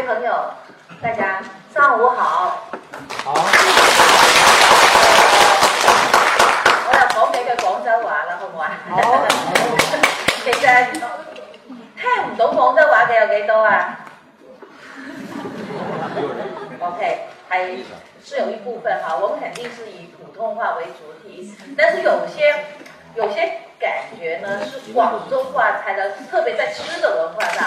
各位朋友，大家上午好。好。我又講幾句廣州話啦，好唔好啊？好。其實聽唔懂廣州話嘅有幾多啊？OK，還是有一部分哈。我們肯定是以普通話為主題，但是有些有些感覺呢，是廣州話才能，特別在吃的文化上。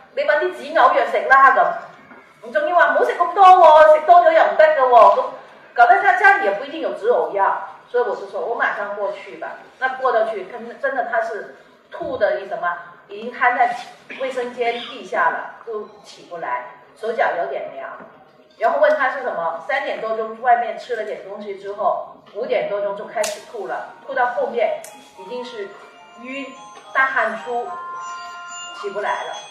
你把啲止嘔藥食啦咁，唔仲要話，唔好食咁多喎，食多咗又唔得嘅喎。搞得他家裏也不一定有止嘔藥，所以我是說我馬上過去吧。那過到去，真真的他是吐的，一什麼，已經癱在衛生間地下了，都起不來，手腳有點涼。然後問他是什麼，三點多鐘外面吃了點東西之後，五點多鐘就開始吐了，吐到後面已經是暈，大汗出，起不來了。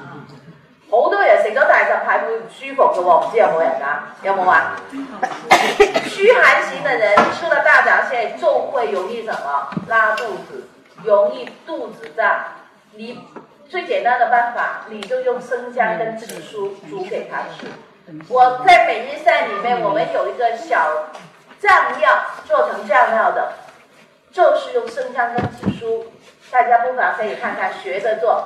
好、哦、多人食咗大閘蟹會唔舒服噶喎，唔知有冇人啊，有冇啊？虛寒型的人吃了大閘蟹就會容易什麼？拉肚子，容易肚子脹。你最簡單的辦法，你就用生姜跟紫蘇煮給他吃。我在每日膳裏面，我們有一個小醬料，做成醬料的，就是用生姜跟紫蘇，大家不妨可以看看，學着做。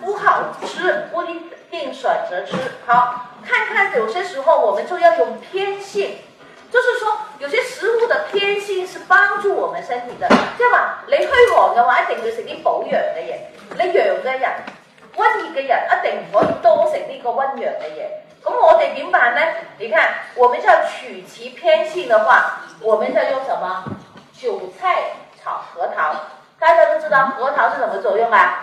不好吃，不一定選擇吃。好，看看有些時候我們就要用偏性，就是說有些食物的偏性是幫助我們身體的。即係話，你虛寒嘅話一定要食啲補陽嘅嘢，你陽嘅人、溫熱嘅人一定唔可以多食呢個溫陽嘅嘢。咁我哋點辦呢？你看，我們就要取其偏性的話，我們就要用什麼？韭菜炒核桃，大家都知道核桃是什麼作用啊？